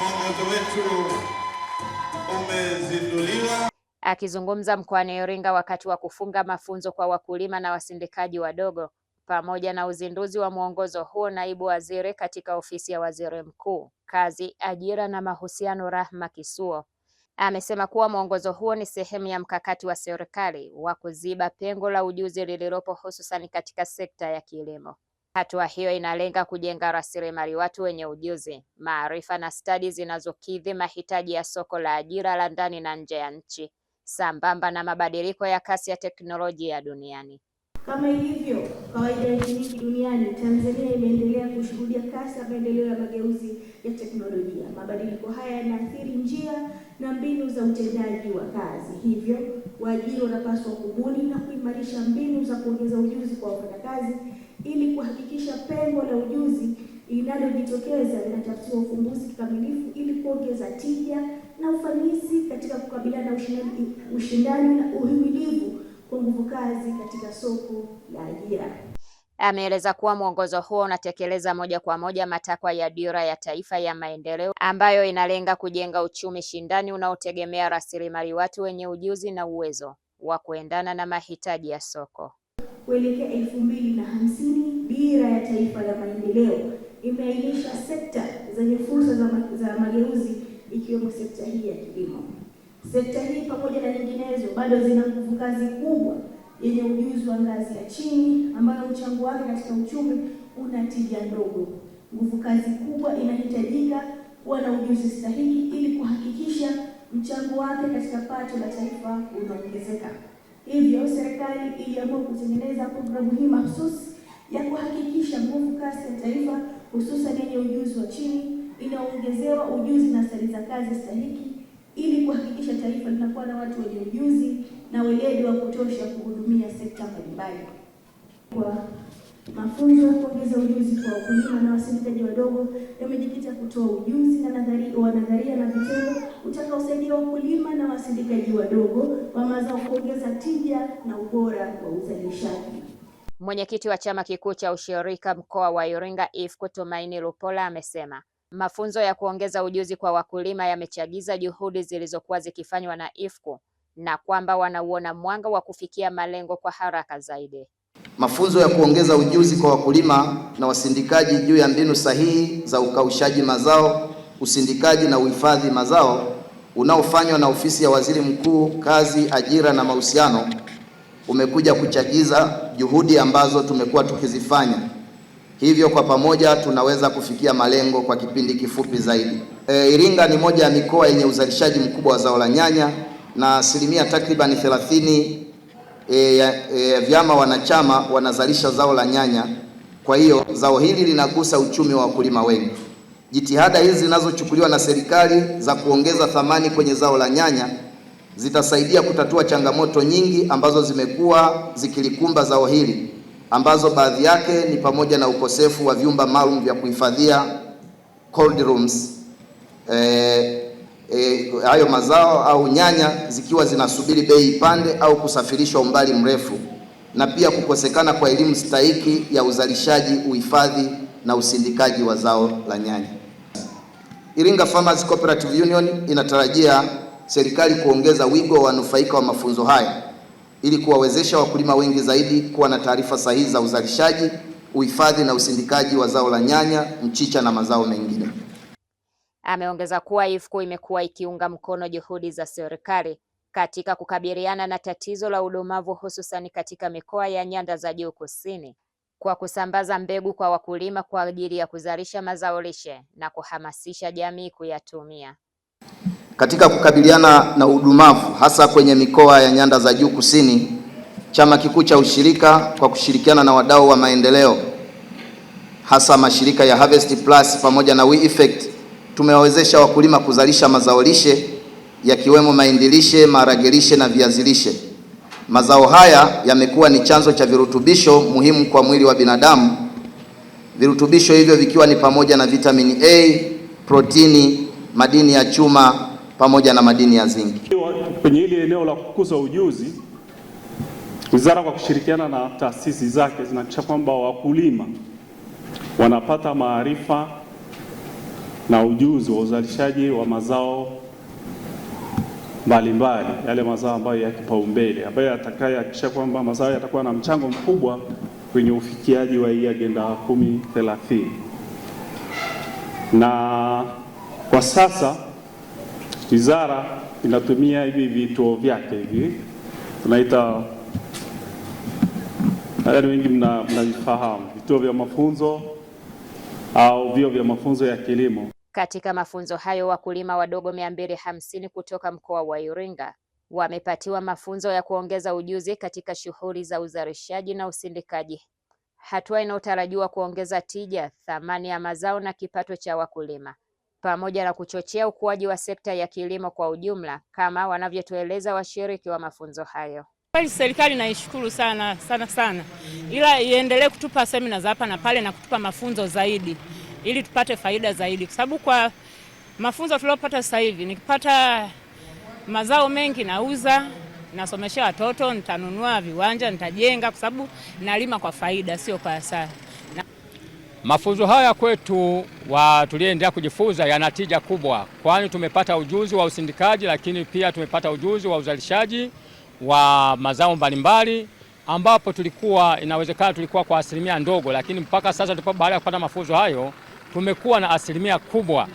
mwongozo wetu umezinduliwa. Akizungumza mkoani Iringa wakati wa kufunga mafunzo kwa wakulima na wasindikaji wadogo pamoja na uzinduzi wa mwongozo huo, naibu waziri katika ofisi ya waziri mkuu, kazi, ajira na mahusiano, Rahma Kisuo amesema kuwa mwongozo huo ni sehemu ya mkakati wa serikali wa kuziba pengo la ujuzi lililopo hususani katika sekta ya kilimo. Hatua hiyo inalenga kujenga rasilimali watu wenye ujuzi, maarifa na stadi zinazokidhi mahitaji ya soko la ajira la ndani na nje ya nchi, sambamba na mabadiliko ya kasi ya teknolojia duniani. Kama ilivyo kawaida nyingi duniani, Tanzania imeendelea kushuhudia kasi ya maendeleo ya mageuzi ya teknolojia. Mabadiliko haya yanaathiri njia na mbinu za utendaji wa kazi, hivyo waajiri wanapaswa kubuni na kuimarisha mbinu za kuongeza ujuzi kwa wafanyakazi ili kuhakikisha pengo la ujuzi linalojitokeza linatafutiwa ufumbuzi kikamilifu ili kuongeza tija na ufanisi katika kukabiliana na ushindani, ushindani na uhimilivu kwa nguvu kazi katika soko la ajira. Ameeleza kuwa mwongozo huo unatekeleza moja kwa moja matakwa ya Dira ya Taifa ya Maendeleo ambayo inalenga kujenga uchumi shindani unaotegemea rasilimali watu wenye ujuzi na uwezo wa kuendana na mahitaji ya soko kuelekea elfu mbili na hamsini, dira ya taifa la maendeleo imeainisha sekta zenye fursa za, za mageuzi ikiwemo sekta hii ya kilimo. Sekta hii pamoja na nyinginezo bado zina nguvu kazi kubwa yenye ujuzi wa ngazi ya chini ambayo mchango wake katika uchumi una tija ndogo. Nguvu kazi kubwa inahitajika kuwa na ujuzi stahiki ili kuhakikisha mchango wake katika pato la taifa unaongezeka. Hivyo serikali iliamua kutengeneza programu hii mahususi ya kuhakikisha nguvu kazi ya taifa hususan yenye ujuzi wa chini inaongezewa ujuzi na stadi za kazi stahiki ili kuhakikisha taifa linakuwa na watu wenye ujuzi na weledi wa kutosha kuhudumia sekta mbalimbali. Kwa mafunzo kuongeza ujuzi kwa wakulima na wasindikaji wadogo, yamejikita kutoa ujuzi na nadharia na vitendo utakaosaidia wakulima na wasindikaji wadogo wa mazao kuongeza tija na ubora wa uzalishaji. Mwenyekiti wa chama kikuu cha ushirika mkoa wa Iringa IFCU Tumaini Lupola amesema mafunzo ya kuongeza ujuzi kwa wakulima yamechagiza juhudi zilizokuwa zikifanywa na IFCU na kwamba wanauona mwanga wa kufikia malengo kwa haraka zaidi. Mafunzo ya kuongeza ujuzi kwa wakulima na wasindikaji juu ya mbinu sahihi za ukaushaji mazao, usindikaji na uhifadhi mazao unaofanywa na ofisi ya Waziri Mkuu, Kazi, Ajira na Mahusiano umekuja kuchagiza juhudi ambazo tumekuwa tukizifanya, hivyo kwa pamoja tunaweza kufikia malengo kwa kipindi kifupi zaidi. E, Iringa ni moja ya mikoa yenye uzalishaji mkubwa wa zao la nyanya na asilimia takribani 30 e, ya e, e, vyama wanachama wanazalisha zao la nyanya. Kwa hiyo zao hili linagusa uchumi wa wakulima wengi. Jitihada hizi zinazochukuliwa na serikali za kuongeza thamani kwenye zao la nyanya zitasaidia kutatua changamoto nyingi ambazo zimekuwa zikilikumba zao hili ambazo baadhi yake ni pamoja na ukosefu wa vyumba maalum vya kuhifadhia cold rooms. Eh, eh, hayo mazao au nyanya zikiwa zinasubiri bei ipande au kusafirishwa umbali mrefu, na pia kukosekana kwa elimu stahiki ya uzalishaji, uhifadhi na usindikaji wa zao la nyanya. Iringa Farmers Cooperative Union inatarajia serikali kuongeza wigo wa wanufaika wa mafunzo haya ili kuwawezesha wakulima wengi zaidi kuwa na taarifa sahihi za uzalishaji, uhifadhi na usindikaji wa zao la nyanya, mchicha na mazao mengine. Ameongeza kuwa IFCU imekuwa ikiunga mkono juhudi za serikali katika kukabiliana na tatizo la udumavu hususani katika mikoa ya nyanda za juu kusini kwa kusambaza mbegu kwa wakulima kwa ajili ya kuzalisha mazao lishe na kuhamasisha jamii kuyatumia. Katika kukabiliana na udumavu hasa kwenye mikoa ya nyanda za juu kusini, chama kikuu cha ushirika kwa kushirikiana na wadau wa maendeleo hasa mashirika ya Harvest Plus pamoja na We Effect tumewawezesha wakulima kuzalisha mazao lishe yakiwemo mahindi lishe, maharage lishe na viazi lishe. Mazao haya yamekuwa ni chanzo cha virutubisho muhimu kwa mwili wa binadamu, virutubisho hivyo vikiwa ni pamoja na vitamini A, protini, madini ya chuma pamoja na madini ya zinki. Kwenye hili eneo la kukuza ujuzi, wizara kwa kushirikiana na taasisi zake zinahakikisha kwamba wakulima wanapata maarifa na ujuzi wa uzalishaji wa mazao mbalimbali, yale mazao ambayo ya kipaumbele ambayo yatakayahakikisha kwamba mazao yatakuwa na mchango mkubwa kwenye ufikiaji wa hii agenda kumi thelathini. Na kwa sasa wizara inatumia hivi vituo vyake hivi tunaita nadhani wengi mnavifahamu mna vituo vya mafunzo au vio vya mafunzo ya kilimo. Katika mafunzo hayo wakulima wadogo 250 kutoka mkoa wa Iringa wamepatiwa mafunzo ya kuongeza ujuzi katika shughuli za uzalishaji na usindikaji, hatua inayotarajiwa kuongeza tija, thamani ya mazao na kipato cha wakulima, pamoja na kuchochea ukuaji wa sekta ya kilimo kwa ujumla, kama wanavyotueleza washiriki wa mafunzo hayo. Kweli serikali naishukuru sana sana sana, ila iendelee kutupa semina za hapa na pale na kutupa mafunzo zaidi ili tupate faida zaidi, kwa sababu kwa mafunzo tuliopata sasa hivi, nikipata mazao mengi nauza, nasomesha watoto, nitanunua viwanja, nitajenga, kwa sababu nalima kwa faida, sio kwa hasara. Na... mafunzo haya kwetu wa tuliendelea kujifunza yana tija kubwa, kwani tumepata ujuzi wa usindikaji, lakini pia tumepata ujuzi wa uzalishaji wa mazao mbalimbali ambapo tulikuwa inawezekana tulikuwa kwa asilimia ndogo, lakini mpaka sasa tupo baada ya kupata mafunzo hayo tumekuwa na asilimia kubwa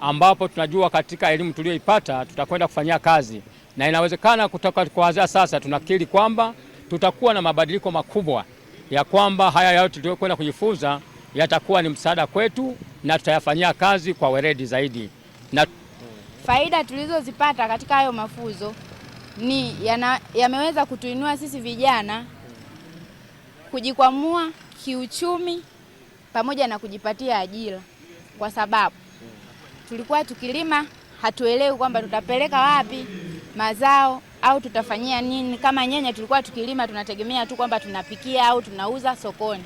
ambapo tunajua katika elimu tuliyoipata tutakwenda kufanyia kazi, na inawezekana kutoka kuanzia sasa tunakiri kwamba tutakuwa na mabadiliko makubwa ya kwamba haya yote tuliyokwenda kujifunza yatakuwa ni msaada kwetu na tutayafanyia kazi kwa weledi zaidi. Na faida tulizozipata katika hayo mafunzo ni yana, yameweza kutuinua sisi vijana kujikwamua kiuchumi pamoja na kujipatia ajira, kwa sababu tulikuwa tukilima hatuelewi kwamba tutapeleka wapi mazao au tutafanyia nini. Kama nyanya tulikuwa tukilima tunategemea tu kwamba tunapikia au tunauza sokoni,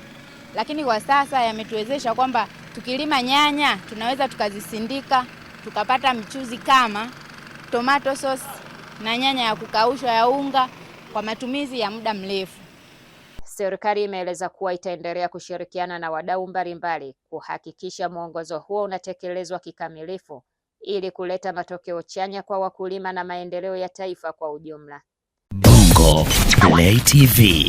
lakini kwa sasa yametuwezesha kwamba tukilima nyanya tunaweza tukazisindika tukapata mchuzi kama tomato sauce na nyanya ya kukaushwa ya unga kwa matumizi ya muda mrefu. Serikali imeeleza kuwa itaendelea kushirikiana na wadau mbalimbali kuhakikisha mwongozo huo unatekelezwa kikamilifu ili kuleta matokeo chanya kwa wakulima na maendeleo ya taifa kwa ujumla. Bongo Play TV.